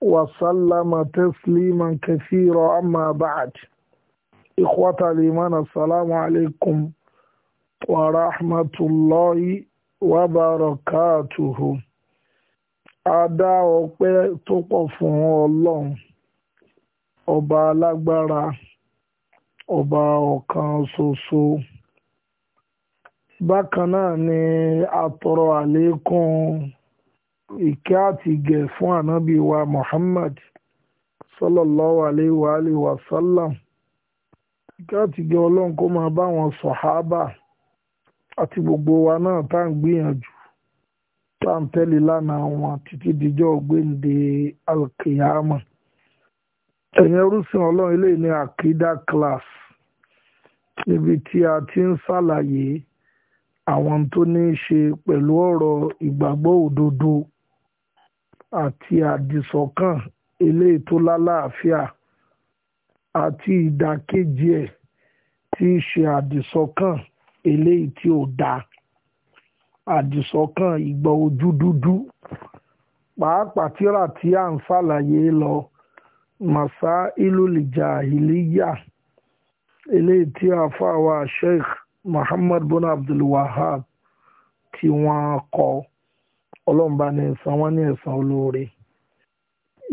وسلم تسليما كثيرا أما بعد إخوة الإيمان السلام عليكم ورحمة الله وبركاته Adá ọpẹ́ tó pọ̀ fún Ọlọ́run, ọba alágbára, ọba ọ̀kan ṣoṣo. Bákan náà ni a tọrọ àlékún ìkẹ́ àti fún ànábì wa Muhammad sallallahu alayhi wa sallam ìkẹ́ àti ọlọ́run kó máa bá wọn sọ̀hábà àti gbogbo wa náà tá à ń gbìyànjú tá à ń tẹ̀lé lánàá wọn títí dijọ́ gbéǹde alkiyama ẹ̀yin ẹrúsìn ọlọ́run ilé ní akida class níbi tí a ti ń ṣàlàyé àwọn tó ní í ṣe pẹ̀lú ọ̀rọ̀ ìgbàgbọ́ òdodo àti àdìsọ́kàn eléyìí tó lálàáfíà àti ìdàkejì ẹ̀ tí í ṣe àdìsọ́kàn eléyìí tí ò dáa àdìsọ́kàn ìgbà ojú dúdú pàápàá tíra tí à ń ṣàlàyé lọ màsá ilúlìjà ìlíyà eléyìí tí àfàwà sheikh muhammad bin abdul wahab tí wọ́n kọ́ ọlọ́run bá ní ẹ̀san wọn ní ẹ̀san olóore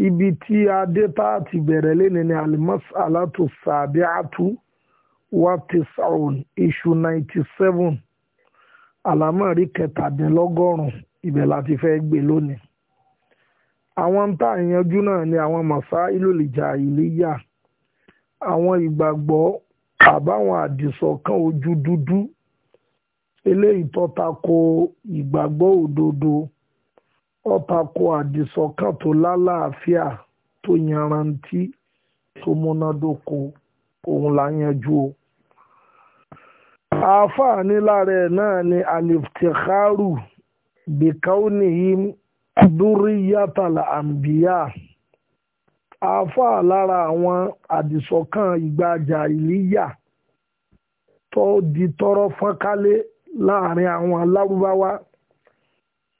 ibi tí adé tá a ti bẹ̀rẹ̀ lẹ́ni ní alimus alatu sàbí atu watisaun iṣu ninety seven àlámọ̀rí kẹtàdínlọ́gọ́rùn-ún ibẹ̀ láti fẹ́ gbé lónìí àwọn tá à yanjú náà ni àwọn màsá ìlòlìjà ìléyà àwọn ìgbàgbọ́ àbáwọn àdìsọ̀kan ojú dúdú eléyìí tó tako ìgbàgbọ́ òdodo ọ̀tàkọ àdìsọ́kàn tó lálàáfíà tó yanrantí tó múnádóko òun là ń yanjú o. àáfàá ní lára ẹ̀ náà ni aliftikharu bikaunihim dúríyàtàlà àǹbíyà àáfàá lára àwọn àdìsọ́kàn ìgbàjà ìlíyà tó di tọrọ fọ́nkálé láàrin àwọn alárúbáwá.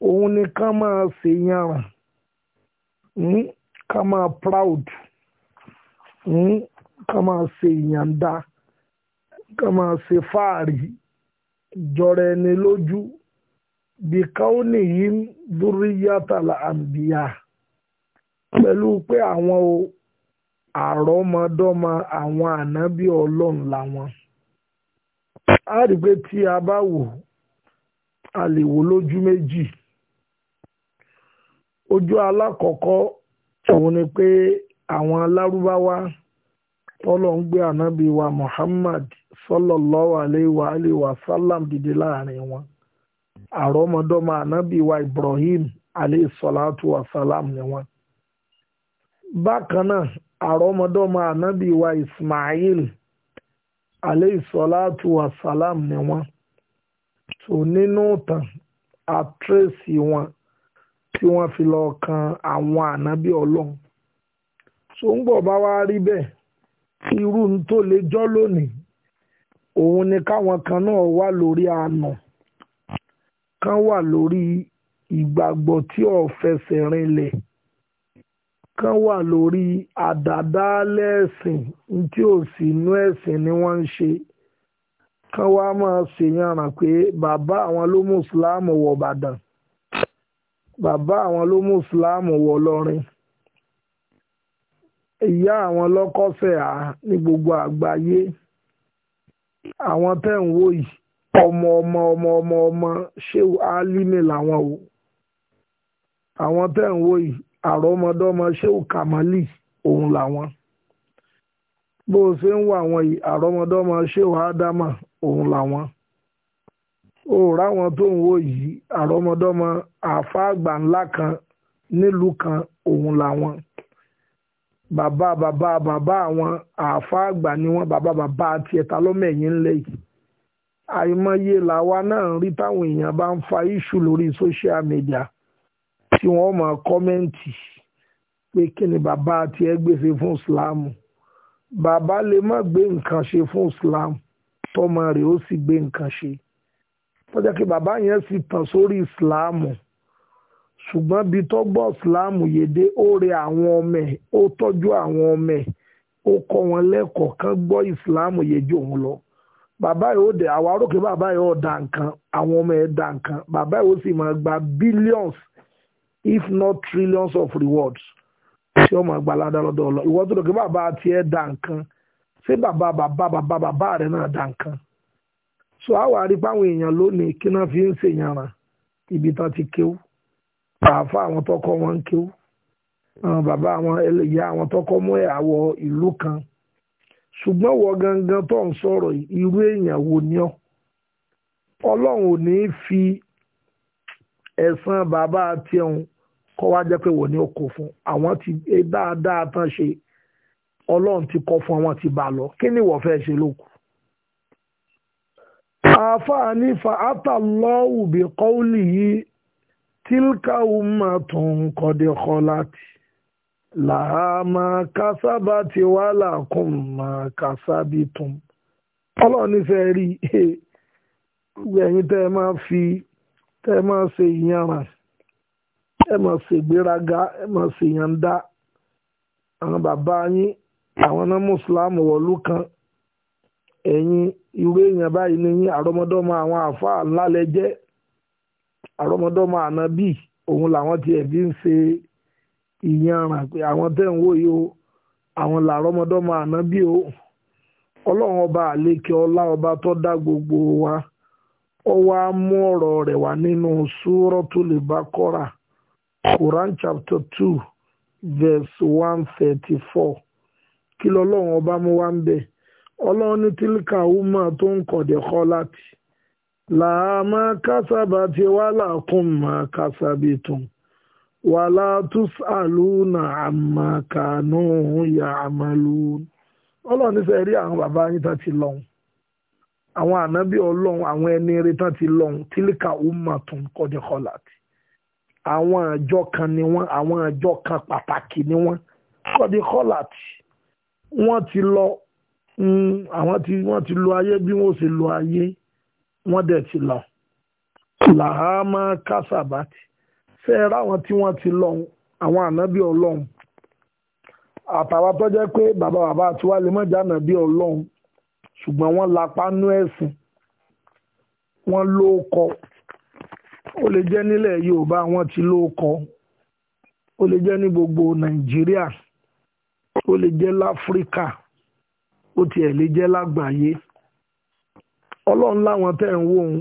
òun ni ká máa ṣèyànrà hmm, ká máa proud hmm, ká máa ṣe ìyànda ká máa ṣe fáàrí jọra ẹni lójú bí káwọn èyí ń dúró yàtàlà àǹbíyà pẹ̀lú pé àwọn o àrọ́mọdọ́mọ àwọn ànábì ọlọ́run làwọn. a rí i pé tí a bá wò a lè wò lójú méjì. ojú alákọ̀ọ́kọ́ òun ni pé àwọn alárúbáwá tọ́lọ̀ ń gbé ànábì wa Muhammad sallallahu alayhi wa alayhi wa sallam dìde láàrin wọn àrọ́mọdọ́mọ ànábì wa Ibrahim alayhi salatu wa salam ni wọn. bákan náà àrọ́mọdọ́mọ ànábì wa Ismail alayhi salatu wa salam ni wọn. tó nínú tàn àtúrẹ́sì wọn tí wọ́n fi lọ kan àwọn ànábì ọlọ́run tó ń bọ̀ bá wá rí bẹ́ẹ̀ irú ń tó lè jọ́ lónìí òun ni káwọn kan náà wà lórí àánú kan wà lórí ìgbàgbọ́ tí ò fẹsẹ̀ rinlẹ̀ kan wà lórí àdàdálẹ̀ ẹ̀sìn tí ò sí inú ẹ̀sìn ni wọ́n ń ṣe kan wá máa ṣèyànràn pé bàbá àwọn ló mú wọ̀ bàdàn bàbá àwọn ló mú fúlàmù wọ lọ́rin ìyá àwọn lọ́kọ́fẹ́ à ní gbogbo àgbáyé àwọn tẹ́ ń wò yìí ọmọ ọmọ ọmọ ọmọ ọmọ ṣéwù álímì làwọn o àwọn tẹ́ ń wò yìí àrọ́mọdọ́mọ ṣéwù kàmálì òun làwọn bó o ṣe ń wà wọn yìí àrọ́mọdọ́mọ ṣéwù ádámà òun làwọn ó ráwọn tó ń wò yìí àrọ́mọdọ́mọ àfáàgbà ńlá kan nílùú kan òun làwọn bàbá bàbá bàbá àwọn àfáàgbà ni wọ́n bàbá bàbá àti ẹ̀ta lọ́mẹ̀yìn ńlẹ̀ yìí àìmọye làwa náà rí táwọn èèyàn bá ń fa iṣu lórí social media tí wọ́n máa kọ́mẹ́ǹtì pé kí ni bàbá àti ẹ gbèsè fún Islam bàbá lè má gbé nǹkan ṣe fún Islam tọmọ rẹ̀ ó sì gbé nǹkan ṣe tó jẹ́ kí bàbá yẹn sì tàn sórí ìsìláàmù ṣùgbọ́n bí tó gbọ́ ìsìláàmù yédè ó rẹ àwọn ọmọ ẹ̀ ó tọ́jú àwọn ọmọ ẹ̀ ó kọ́ wọn lẹ́kọ̀ọ́ kan gbọ́ ìsìláàmù yédè òun lọ bàbá yìí ó dẹ̀ àwọn arókè bàbá yìí ó da nǹkan àwọn ọmọ ẹ̀ da nǹkan bàbá yìí ó sì máa gba billions if not trillions of rewards ṣé ọmọ àgbàládá lọ́dọ̀ ọlọ́ ìwọ́n tó dọ̀kẹ́ bàbá tiẹ̀ da nǹkan ṣé bàbá bàbá bàbá bàbá rẹ̀ náà da nǹkan so àwọn àrípa àwọn èèyàn lónìí kí náà fi ń ṣèyànra ibi tán ti kéwú pàáfà àwọn tọkọ wọn ń kéwú bàbá àwọn ẹlẹ́yà àwọn tọkọ mọ́ àwọ̀ ìlú kan ṣùgbọ́n wọ gangan tó ń sọ̀rọ̀ irú èèyàn wo ni ọ́ ọlọ́run ò ní fi ẹ̀san bàbá tiẹ̀hún kọ́ wá jẹ́ pé wọ́n ní okò fún àwọn ti dáadáa tán ṣe ọlọ́run ti kọ́ fún àwọn ti bá lọ kí ni wọ́n fẹ́ ṣe lóko àáfàá ní fàátà lọ́wù bí kọ́ọ̀lì yìí tílkà umma tún kọ́dé kọ́láti làá máa kásábà ti wá làákùn máa kásábì tún. ọlọ́ọ̀ni fẹ́ rí ẹ̀yin tẹ́ ẹ máa fi tẹ́ máa ṣe ìyára ẹ máa ṣe ìgbéraga ẹ máa ṣe ìyànda àwọn bàbá yín àwọn náà mùsùlùmí wọ̀lú kan ẹ̀yin irú èèyàn báyìí ni yín àrọ́mọdọ́mọ àwọn àáfàá ńlá lẹ jẹ́ àrọ́mọdọ́mọ ànábì òun làwọn tiẹ̀ fi ń ṣe ìyanràn pé àwọn tẹ̀ ń wò yìí o àwọn làrọ́mọdọ́mọ ànábì o ọlọ́run ọba àlékè ọlá ọba tó dá gbogbo wa wá mú ọ̀rọ̀ rẹ̀ wá nínú Quran ọlọ́run ní umma ọmọ tó ń kọ̀dẹ̀ kọ́ láti làá máa kásábà ti wá làákùn máa kásábì tún wà látús àlùnà àmà kànú ya àmàlù ọlọ́run nífẹ̀ẹ́ rí àwọn bàbá yín tán ti lọ́hùn àwọn ànábì ọlọ́run àwọn ẹni eré tán ti lọ́hùn tílíkà ọmọ tó ń kọ̀dẹ̀ kọ́ láti àwọn àjọ kan ni wọ́n àwọn àjọ kan pàtàkì ni wọ́n kọ̀dẹ̀ kọ́ láti wọ́n ti lọ àwọn tí wọ́n ti lo ayé bí wọ́n ṣe lo ayé wọ́n dẹ̀ ti lọ làhámà kásábàtì ṣe é ráwọn tí wọ́n ti lọ àwọn ànábì ọlọ́run àtàwọn tó jẹ́ pé bàbá bàbá àti wálé mọ́jà ànábì ọlọ́run ṣùgbọ́n wọ́n lapá nú ẹ̀sìn wọ́n ló kọ ó lè jẹ́ nílẹ̀ yorùbá wọ́n ti ló kọ ó lè jẹ́ ní gbogbo nàìjíríà ó lè jẹ́ láfíríkà ó tiẹ̀ lè jẹ́ lágbàáyé ọlọ́run láwọn tẹ́ ń wò ń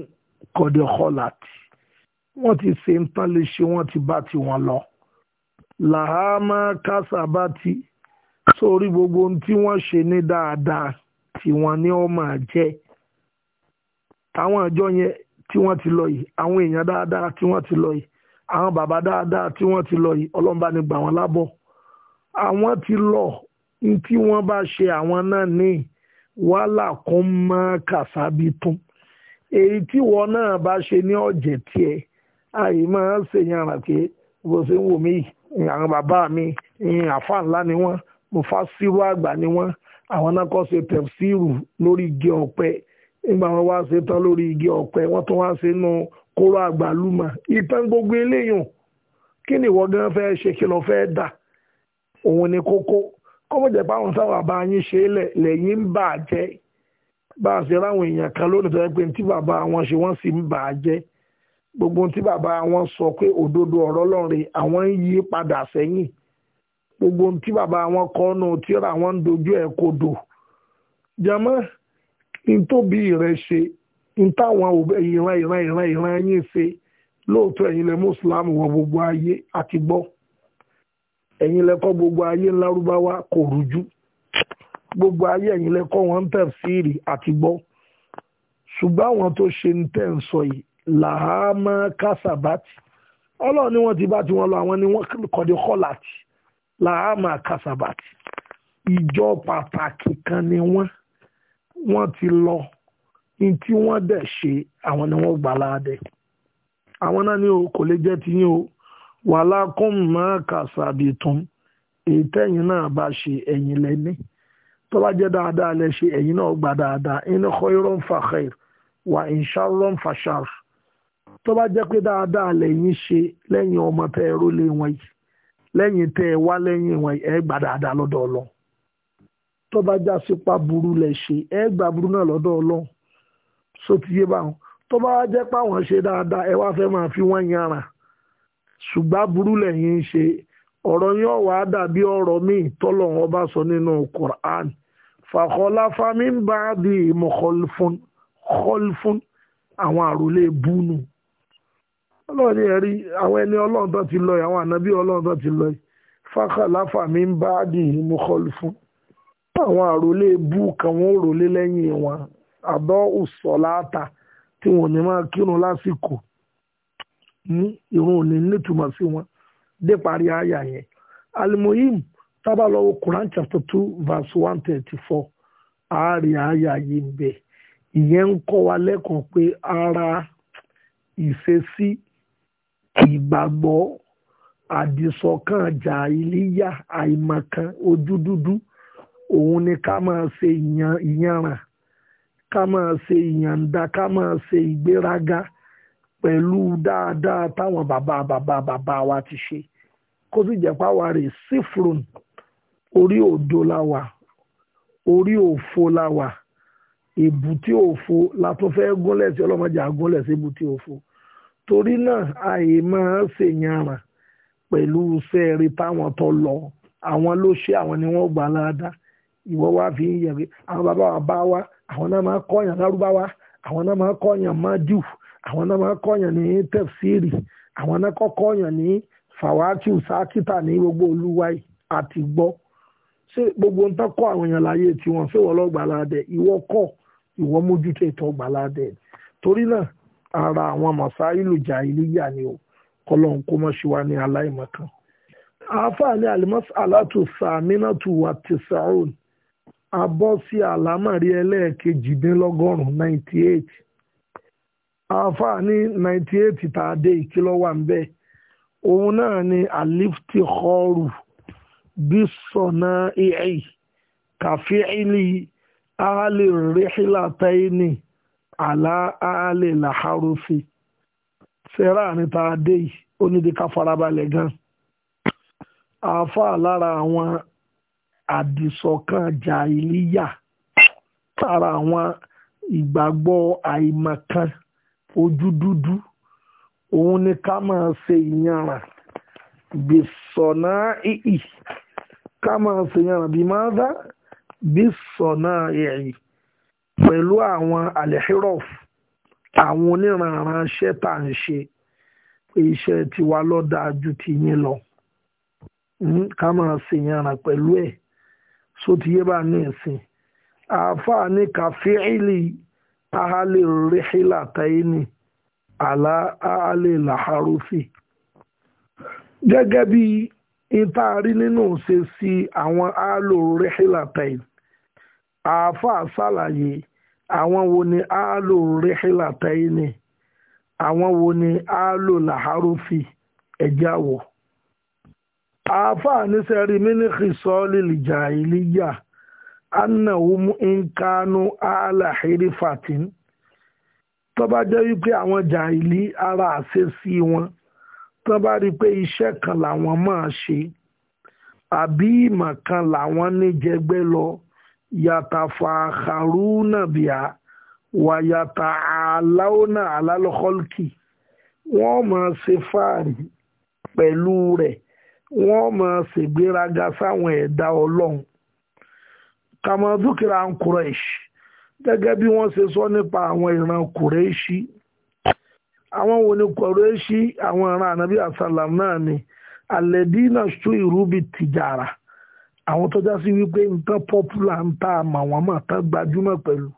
kọ̀dẹ̀ kọlàtì wọ́n ti ṣe ń tán lè ṣe wọ́n ti bá ti wọn lọ làhámà kásábàtì sórí gbogbo ohun tí wọ́n ṣe ní dáadáa tí wọ́n ní ó máa jẹ́ àwọn àjọ yẹn tí wọ́n ti lọ yìí àwọn èèyàn dáadáa tí wọ́n ti lọ yìí àwọn bàbá dáadáa tí wọ́n ti lọ yìí ọlọ́run bá ní gbà wọ́n lábọ̀ àwọn ti lọ tí wọ́n bá ṣe àwọn náà ní wàhálà kan mọ́ kàṣábí tún èyí tí wọ́n náà bá ṣe ní ọ̀jẹ̀ tiẹ̀ àyè máa ń ṣèyàn pé bó ṣe ń wò mí àwọn bàbá mi àfa ńlá ni wọ́n mo fa sírú àgbà ni wọ́n àwọn náà kọ́ ṣe tẹ̀síìrù lórí igi ọ̀pẹ nígbà wọn wá ṣe tán lórí igi ọ̀pẹ wọ́n tún wá ṣe nu kóró àgbàlùmọ̀ ìtàn gbogbo eléyàn kí ni ìwọ gan fẹ́ ṣe kí lọ fẹ́ dà òun ni kókó kọ́mọ̀jẹ̀ báwọn táwọn àbá yín ṣe lẹ́yìn ń bà jẹ́ bá a ṣe ráwọn èèyàn kan lónìí tó yẹ pé tí bàbá wọn ṣe wọ́n sì ń bà jẹ́ gbogbo tí bàbá wọn sọ pé òdodo ọ̀rọ̀ lọ́rin àwọn ń yí padà sẹ́yìn gbogbo tí bàbá wọn kọ́ nù tíra wọn ń dojú ẹ̀ kodò jẹmọ́ ntóbi rẹ̀ ṣe ntáwọn ìran ìran ìran ìran yín ṣe lóòótọ́ ẹ̀yin lẹ́mú ìsìlámù wọ gbogbo ayé àti gbọ́ ẹ̀yin lẹ́kọ́ gbogbo ayé ńlárúbáwá kò rújú gbogbo ayé ẹ̀yin lẹ́kọ́ wọn ń tẹ̀síìrì àti gbọ́ ṣùgbọ́n àwọn tó ṣe ń tẹ̀ ń sọ yìí làhámà kásábàtì ọlọ́run ni wọ́n ti bá tiwọn lọ àwọn ni wọ́n kọ̀dé kọ́láàtì làhámà kásábàtì ìjọ pàtàkì kan ni wọ́n wọ́n ti lọ ní tí wọ́n dẹ̀ ṣe àwọn ni wọ́n gbà láàdẹ̀ àwọn náà ni o kò lè jẹ́ tiyín o wàlákùn máa kàṣàbì tún èyí tẹ́yìn náà bá ṣe ẹ̀yìn lẹ́ni tó bá jẹ́ dáadáa lẹ ṣe ẹ̀yìn náà gbà dáadáa in khairan fa khair wa in sharran fa shar tó bá jẹ́ pé dáadáa lẹ́yìn ṣe lẹ́yìn ọmọ tẹ́ ẹ rólé wọn yìí lẹ́yìn tẹ́ ẹ wá lẹ́yìn wọn ẹ gbà dáadáa lọ́dọ̀ ọlọ́run tó bá já sípa burú lẹ ṣe ẹ gbà burú náà lọ́dọ̀ ọlọ́run sótìyé tó bá jẹ́ pé àwọn ṣe dáadáa ẹ wá fẹ́ máa fi wọ́n yan ṣùgbọ́n burú lẹ́yìn ń ṣe ọ̀rọ̀ yóò wá dàbí ọ̀rọ̀ míì tọ́lọ́run ọba sọ nínú Qur'an fàkọláfà mi ń bá di mọ̀kọ́lfún kọ́lfún àwọn àròlé búnú ọlọ́run ní ẹ̀rí àwọn ẹni ọlọ́run tó ti lọ àwọn ànábí ọlọ́run tó ti lọ fàkọláfà mi ń bá di mọ̀kọ́lfún àwọn àròlé bú kan wọn ò rólé lẹ́yìn wọn àdọ́ òsọ̀láta tí wọn ní máa kírun lásìkò ní irun òní nítumọ̀ sí wọn dé parí àyà yẹn alimoyim tábà Quran chapter two verse one thirty four ààrẹ àyà yìí ń bẹ ìyẹn ń kọ́ wa lẹ́kọ̀ọ́ pé ara ìṣesí ìgbàgbọ́ àdìsọ́kàn jàìlíyà àìmọ̀kan ojú dúdú òun ni ká máa ṣe ìyànràn ká máa ṣe ìyànda ká máa ṣe ìgbéraga pẹ̀lú dáadáa táwọn bàbá bàbá bàbá wa ti ṣe kó sì jẹ́ páwa rè sífron orí òdo la wà orí òfo la wà èbúté òfo la tún fẹ́ gúnlẹ̀ sí ọlọ́mọdé àgúnlẹ̀ sí èbúté òfo torí náà àyè máa ń ṣèyànràn pẹ̀lú sẹ́ẹ̀rì táwọn tó lọ àwọn ló ṣe àwọn ni wọ́n gbà ládàá ìwọ wá fi ń yẹ̀rẹ̀ àwọn bàbá wa bá wa àwọn náà máa kọ́yàn lárúbáwá àwọn náà máa kọ́yàn máa jù àwọn náà máa kọ́yàn ní tẹ̀fsíìrì àwọn náà kọ́kọ́yàn ní fàwákìú sákítà ní gbogbo olúwa àti gbọ́ ṣé gbogbo ń tọ́kọ́ àwọn èèyàn láyé tí wọ́n ṣé wọ́n lọ́gbà ládẹ ìwọ kọ́ ìwọ mójútó ètò ọgbà ládẹ torí náà ara àwọn màsáìlù jà ìlíyà ni o kọlọ́n kó mọ́ ṣe wá ní aláìmọ̀kan. àáfàá ní alimọ́sí aláàtò sàmínàtù wà tẹ̀sán abọ́ sí àlámàrí ẹlẹ́ẹ̀kejìdínlọ́gọ́rùn-ún ninety eight àáfàá ní ninety eight tá a dé ìkìlọ̀ wà ń bẹ̀ òun náà ni alifti kọrù bí sọ̀nà ai kàfíìlì àálẹ̀ rìhìlà tẹ́ẹ̀nì àlá àálẹ̀ làhárùfì sẹ́rà ní tá a gan àáfàá lára àwọn àdìsọ̀kan jàìlíyà tara àwọn ìgbàgbọ́ àìmọ̀kan ojú dúdú òun ni ká máa ṣe ìyànrà bìsọ̀nà ìhì ká máa ṣe ìyànrà bí máa dá bìsọ̀nà ìhì pẹ̀lú àwọn alehirof àwọn oníranran iṣẹ́ tá à ń ṣe pé iṣẹ́ tiwa ló dáa ju ti yín lọ hmm, ká máa ṣe ìyànrà pẹ̀lú ẹ̀ sótìyé bá ní ẹ̀sìn àáfàá ní kàfíìlì ahálè rèhílà táyínì àlá ahálè làhárùfì gẹ́gẹ́ bí ìtaari nínú ṣe sí àwọn ahálò rèhílà táyínì àáfàá ṣàlàyé àwọn wo ni ahálò rèhílà táyínì àwọn wo ni ahálò làhárùfì ẹ̀já wọ̀ àáfàá níṣẹ́ rí mínísírì sọ́ọ́lì lìjà annahum nkanu ala hirifatin tó bá jẹ́ wípé àwọn jàìlí ara àṣẹ sí wọn tó bá rí pé iṣẹ́ kan làwọn máa ṣe àbí ìmọ̀ kan làwọn níjẹgbẹ́ lọ yàtàfà harunabia wà yàtà aláwọnà alálọ́kọ́lùkì wọ́n máa ṣe fáàrí pẹ̀lú rẹ̀ wọ́n máa ṣègbéraga sáwọn ẹ̀dá ọlọ́run kama dukira an Quraysh daga bi won se so nipa awon iran Quraysh awon woni Quraysh awon ran anabi sallam na ni alladina shuiru bi tijara awon to da si wi nkan popular nta ma won ma ta gbajuma pelu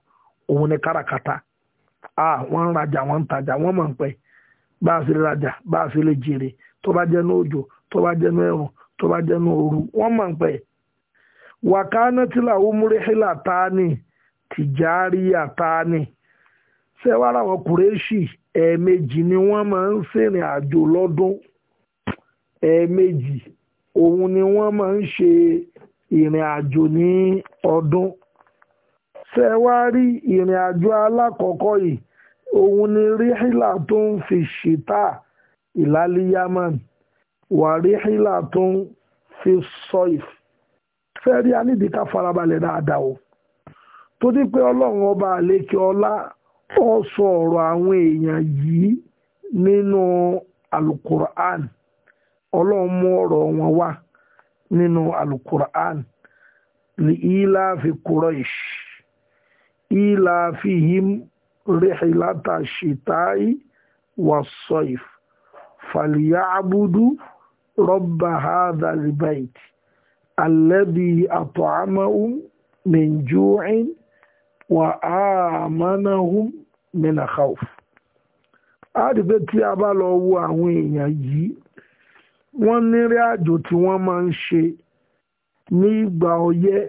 ohun ni karakata ah won raja won taja won mo npe ba si raja ba si le jere to ba je n'ojo ojo to ba je nu ero je nu oru won mo Wakana wàkánátìlà umurihila tani tìjáríyà tani sẹ́wárà àwọn kùrẹ́ṣì ẹ̀ẹ̀mejì ni wọ́n máa ń ṣèrìn àjò lọ́dún ẹ̀ẹ̀mejì òun ni wọ́n máa ń ṣe ìrìn àjò ní ọdún sẹ́wárí ìrìn àjò alákọ̀ọ́kọ́ yìí òun ni ríhìlà tó ń fi ṣìtà ìlàlí yamani wà ríhìlà tó ń fi sọ́ìf fẹ́ rí anídìí ká farabalẹ̀ dáadáa o tó dí pé ọlọ́run ọba àlékè ọlá ó sọ ọ̀rọ̀ àwọn èèyàn yìí nínú alukur'an ọlọ́run mú ọ̀rọ̀ wọn wá nínú alukur'an ní ìlàfi Quraysh ìlàfihim rihlata shitai was-sayf falyabudu rabba hadha al-bayt. alẹ́bí àtọ̀ámáhùn mẹ́jọ́rin wà áàmánáhùn mẹ́nàkáwù. a rí pé tí a bá lọ wo àwọn èèyàn yìí wọ́n nírìn àjò tí wọ́n máa ń ṣe ní ọyẹ́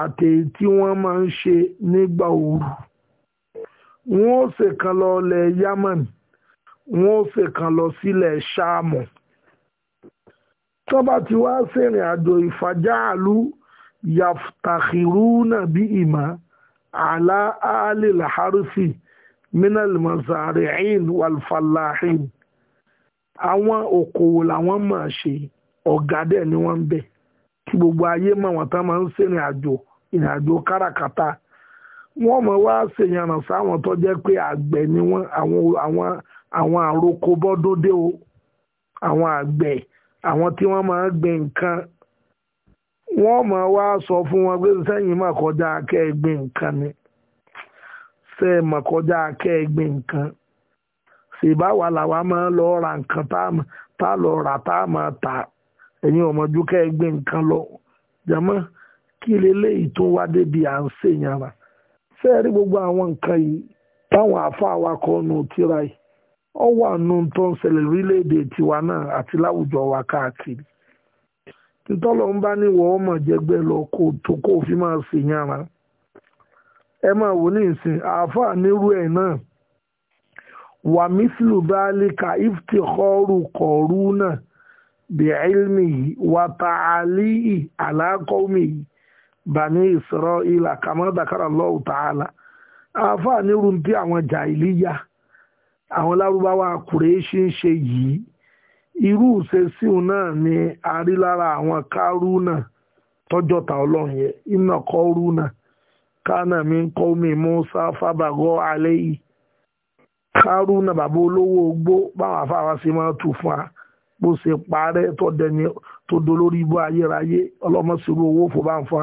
àti tí wọ́n máa ń ṣe nígbà ooru wọ́n ó ṣèkan lọ ilẹ̀ yámánì wọ́n ó ṣèkan lọ sílẹ̀ ṣáàmù tó bá ti wá sẹ́rìn àjò ìfàjáàlú yaftakhiruna bí ìmá àlá alil harfi minal mazari'in walfalahin àwọn òkòwò làwọn máa ṣe ọ̀gá dẹ̀ ni wọ́n ń bẹ̀ kí gbogbo ayé mọ̀ wọ́n tán máa ń sẹ́rìn àjò ìrìn àjò káràkátà wọ́n mọ̀ wá ṣèyànnà sáwọn tó jẹ́ pé àgbẹ̀ ni wọ́n àwọn àwọn àwọn àrokò o àwọn àgbẹ̀ àwọn tí wọ́n máa ń gbin nǹkan wọ́n máa wá sọ fún wọn pé sẹ́yìn mà kọjá akẹ́ gbin nǹkan ni ṣe é mà kọjá akẹ́ gbin nǹkan ṣèbá wa làwa máa lọ ra nǹkan tá a lọ rà tá máa tà ẹ̀yin ọmọdé kẹ́ gbin nǹkan lọ jàmọ́ kí leléyìí tó wá débi à ń ṣèyàn rà ṣe rí gbogbo àwọn nǹkan yìí táwọn àfa wa kọ́ nù tíra yìí ó wà nù tó ń ṣẹlẹ̀ èdè tiwa náà àti láwùjọ wa káàkiri títọ́lọ́ ń bá níwọ̀ ọmọ jẹgbẹ́ lọ kó tó kó fi máa ṣe yànra ẹ máa wò ní ìsìn àáfàá nírú ẹ̀ náà wà mísìlù báálí ka ifti kọ́ọ̀rù kọ̀ọ̀rù náà bí ilmi yìí wà tààlì yìí aláàkọ́mi ní bani isra'ila kàmá dàkàrà lọ́wọ́ tààlà àáfàá nírú ti àwọn jàìlíyà. àwọn lárúbáwá kùrẹ́ṣì ń ṣe yìí irú ìṣesíun náà ni a rí lára àwọn kárúnà tọ́jọ́ta ọlọ́run yẹn iná kọ́rúnà kánà mi ń kọ́ mi Musa fábàgọ́ alẹ́ yìí kárúnà bàbá olówó ogbó báwọn afáwa ṣe máa tù fún wa bó ṣe parẹ́ tó dẹni tó dolórí ibú ayérayé ọlọ́mọṣirò owó fòbáǹfà.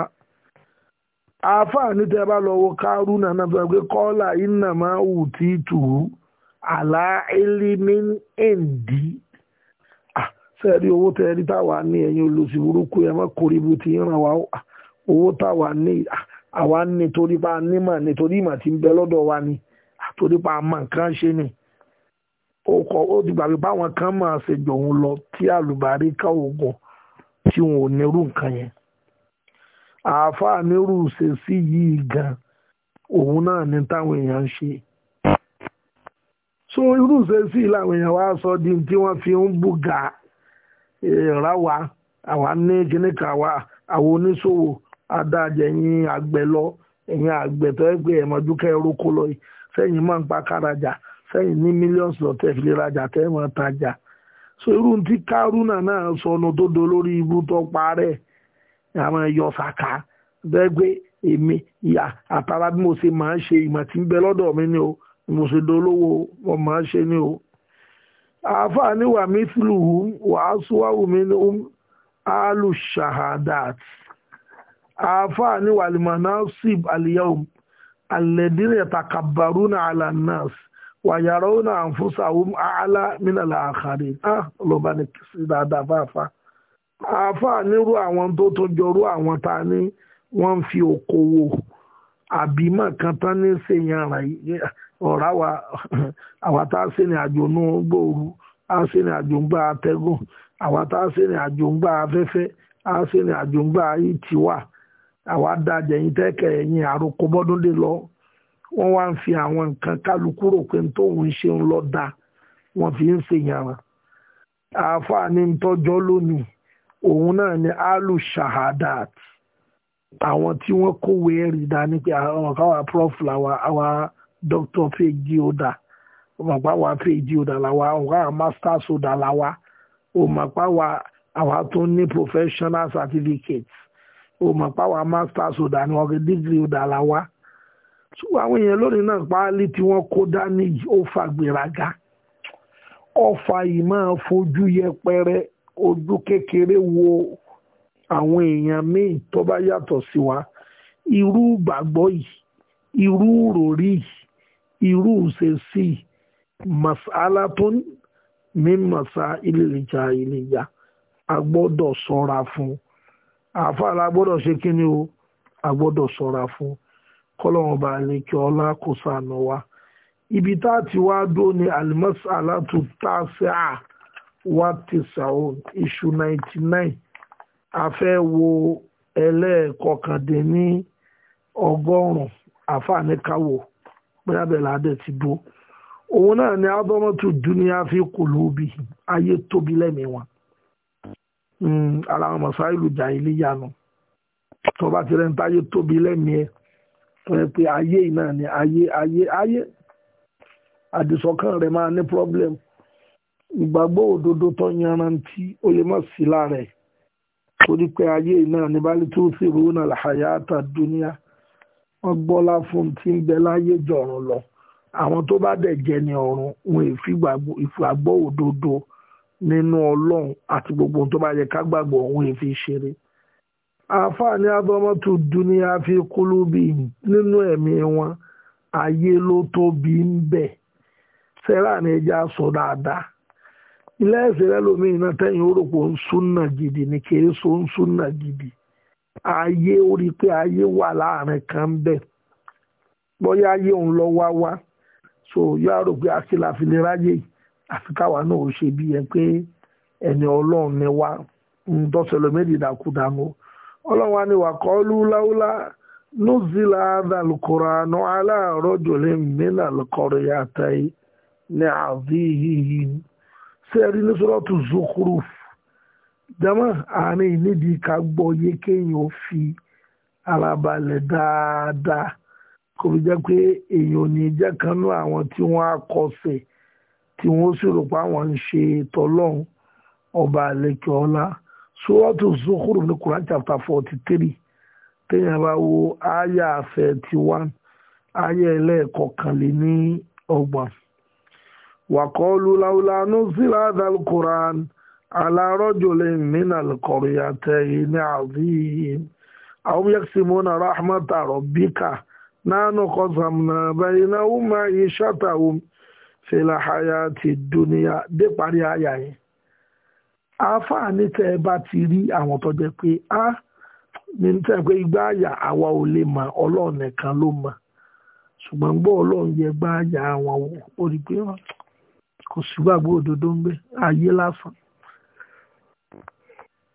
àáfàá ní tẹ́ bá lọ wo kárúnà náà fẹ́ pé kọ́là iná máa wù tí tù ú àlá elimin endi sẹ́ẹ̀rí owó tẹ ẹni táwa ní ẹ̀yin olùsí burúkú ẹ̀ má kórìbù tí ń ràn wá owó táwa ní àwa ní torí pa nímọ̀ nítorí ìmọ̀ tí ń bẹ lọ́dọ̀ wa ni torí pa àmọ́ nǹkan ṣe ni ó ti gbàgbé báwọn kan máa ṣe jòun lọ tí àlùbárí ká oògùn tí wọn ò nírú nǹkan yẹn àáfàá nírú ṣe sí yìí gan òun náà ní táwọn èèyàn ń ṣe so irúṣe sí làwọn èèyàn wa sọ di tí wọ́n fi ń búga ìrà wa àwa ní kíníkà wa àwọn oníṣòwò adájẹyìn àgbẹ̀ lọ ẹ̀yìn àgbẹ̀ tó ẹgbẹ́ ẹ̀mọ́jú kẹ́rù kó lọ sẹ́yìn máa ń pa kárajà sẹ́yìn ní millions lọ́tẹ̀ fi lè rajà tẹ́ mọ́ tajà so irú tí kárúnà náà sọnù tó dolórí ibú tó parẹ́ àwọn ẹ̀yọ sàkà bẹ́gbẹ́ èmi ìyá àtàrà bí mo ṣe máa ń ṣe ìmọ̀ tí ń bẹ lọ́dọ̀ mi ni o ìmùsùdó olówó wọn máa ṣe ni o àáfàá ní um, wà mítìlù wàásù wàwùmí ní alu shahadat àáfàá ní wàlìmọ̀nà sib aliyahum alẹ́dínlẹ̀ takabaruna alanas wàyàrọ́nà àǹfọ́sàwùm àálá mínàlá àkàrí ah lọ́ba ní kìsì dáadáa fáfá àáfàá nírú àwọn tó tó jọrú àwọn ta ni wọ́n fi okòwò àbímọ̀ kan tán ní sèyàn rà ọ̀rá wa àwa tá a ṣe ní àjò nú gbòòrú a ṣe ní àjò ń gbà atẹ́gùn àwa tá a ṣe ní àjò ń gbà afẹ́fẹ́ a ṣe ní àjò ń gbà ìtìwà àwa dájẹ́ yín tẹ́kẹ̀ ẹ̀yìn àròkọ bọ́dúndé lọ wọ́n wá ń fi àwọn nǹkan kálukú rò pé tóun ń ṣe ń lọ da wọ́n fi ń ṣèyàrá àáfàá ní tọ́jọ́ lónìí òun náà ni alu shahadat àwọn tí wọ́n kówé ẹ̀rí dání pé àwọn káwa prof làwa àwọn doctor phd holder ó mọ̀ pé àwa phd holder làwa ọ̀gá àwọn masters holder làwa ó mọ̀ pé àwa àwa tó ní professional certificates, ó mọ̀ pé àwa masters holder ni wọ́n degree holder làwa tó àwọn èèyàn lónìí náà páálí tí wọ́n kó dání yìí ó fa gbéraga ọfà yìí máa fojú yẹpẹrẹ ojú kékeré wo àwọn èèyàn míì tó bá yàtọ̀ sí wa irú ìgbàgbọ́ yìí irú òròrí yìí irú ṣe sí masala tó ní masa ìlìjà ìlìjà a gbọ́dọ̀ sọ́ra fún àfàlà a gbọ́dọ̀ ṣe kí ni o a gbọ́dọ̀ sọ́ra fún kọ́lọ́wọ́n bá lè kí ọlá kó sànà wa ibi tá ti wá dó ni alimọ́sálà tó tá a à wá ti sàún iṣu ninety nine a fẹ́ wo ẹlẹ́ẹ̀kọkàndínní ọgọ́rùn-ún àfààní káwọ́ bóyá bẹ́ẹ̀ ládẹ́ ti bó òun náà ni abọ́mọ́tò dúníà fi kò lóbi ayé tóbi lẹ́mìí wọn hmm, ara àwọn mọ̀sáà ìlú jà ilé yanu tó bá ti rẹ̀ ń táyé tóbi lẹ́mìí ẹ̀ tó yẹ pé ayé iná ni ayé ayé ayé àdìsọ́kàn rẹ̀ máa ní problem ìgbàgbọ́ òdodo tó yanrantí ó lè má sí lára ẹ̀ torí pé ayé iná ni bá lè tó sì rúnà làhàyà àtàdúnyà wọ́n gbọ́lá fún tí ń bẹ láyé jọ̀run lọ àwọn tó bá dẹ̀ jẹ́ ní ọ̀run wọn ìfàgbọ́ òdodo nínú ọlọ́run àti gbogbo tó bá yẹ ká gbàgbọ́ wọn ìfi ṣeré àfààní abọ́mọ́tò dúníà fi kúlú bí nínú ẹ̀mí wọn ayé ló tóbi ń bẹ̀ sẹ́rà ni ẹja sọ dáadáa ilé ẹ̀sìn rẹ lómi iná tẹ́yìn ó rò pé ó ń súnà gidi ni kì í so ń súnà gidi ayé ó rí i pé ayé wà láàrin kan ń bẹ̀ bóyá ayé òun lọ wá wá so yóò rò pé àti làfi lè ráyè àfi káwa náà ó ṣe bí ẹ pé ẹni ọlọ́run ni wá ń dọ́sẹ̀lẹ̀ méjì dàkúdàmú ọlọ́run wa ni wà kọ́ lúláúlá nùzílà àdàlùkùránù aláàrọ̀jòlè mìíràn lọ́kọ̀rọ̀ yàtọ̀ yìí ní àdìyí ṣe rí tó zokuru Dama àárín nídìí ká gbọ́ yé kéèyàn ó fi ara balẹ̀ dáadáa kò fi jẹ́ pé èèyàn ò ní jẹ́ kan nú àwọn tí wọ́n á kọsẹ̀ tí wọ́n sì rò pé àwọn ń ṣe tọ́lọ́hún ọba àlekè ọlá sọ́wọ́tò zokoro ní Quran chapter forty three téèyàn bá wo aya thirty one aya ẹlẹ́ẹ̀kọkànléní ọgbọ̀n wàkọ́ lu laulanu zila dal Quran. على رجل من القريتين عظيم أو يقسمون رحمة ربك نحن قسمنا بينهم معيشتهم في الحياة الدنيا dé parí àyà yẹn tẹ ẹ bá ti rí àwọn tó jẹ pé a ní tẹ pé igbá àyà àwa ò lè mọ Ọlọ́run nìkan ló mọ ṣùgbọ́n yẹ gbá àyà àwọn kò òdodo ń gbé ayé lásán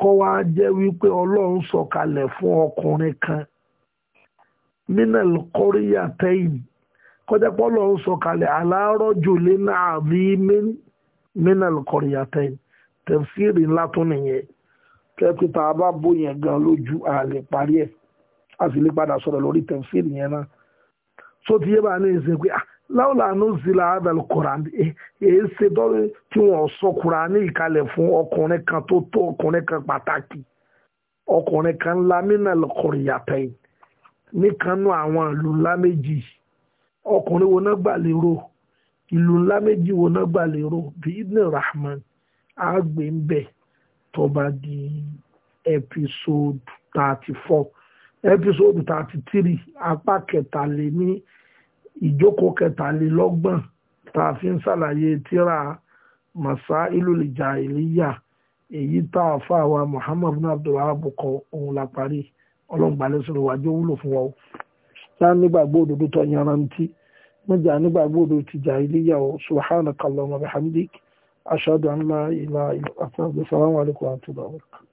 kọ́ wá jẹ́ wípé ọlọ́run sọ̀kalẹ̀ fún ọkùnrin kan minal kọ́ríyà tẹ́yìn kọjá pé ọlọ́run sọ̀kalẹ̀ aláàrọ̀jò lé náà bí minal kọ́ríyà tẹ́yìn tẹ̀síìrì ńlá tó nìyẹn kẹ́kẹ́ tá a bá bó yẹn gan lójú àlè parí ẹ̀ a sì lè padà sọ̀rọ̀ lórí tẹ̀síìrì yẹn náà tó ti yé bá ní ìsìn pé ah láwùlà ní zila abel koran èyí ṣe dọ́rọ̀ tí wọ́n sọ koran ní ìkàlẹ̀ fún ọkùnrin kan tó tó ọkùnrin kan pàtàkì ọkùnrin kan ńlá mínà lọkùnrin yàtọ̀ yìí níkanú àwọn ìlú ńlá méjì ọkùnrin wo náà gbà lérò ìlú ńlá méjì wo náà gbà lérò bíidni rahman àgbè ń bẹ̀ tó bá di episode thirty four episode thirty three apá kẹta lé ní ìjókòó kẹtàlélọ́gbọ̀n tá a fi ń ṣàlàyé tíra masa ilulija eliya èyí tá a fà wá muhammad bin abdulwahab kọ òun la parí ọlọ́ngbàlẹ́sọ̀rọ̀ wájú wúlò fún wa o láà nígbàgbọ́ òdodo tó yanrantí mẹ́jà nígbàgbọ́ òdodo ti jà iléyà o subhanakallahumma wa bihamdik ashhadu an la ilaha illa anta assalamu alaikum wa rahmatullahi wa barakatuh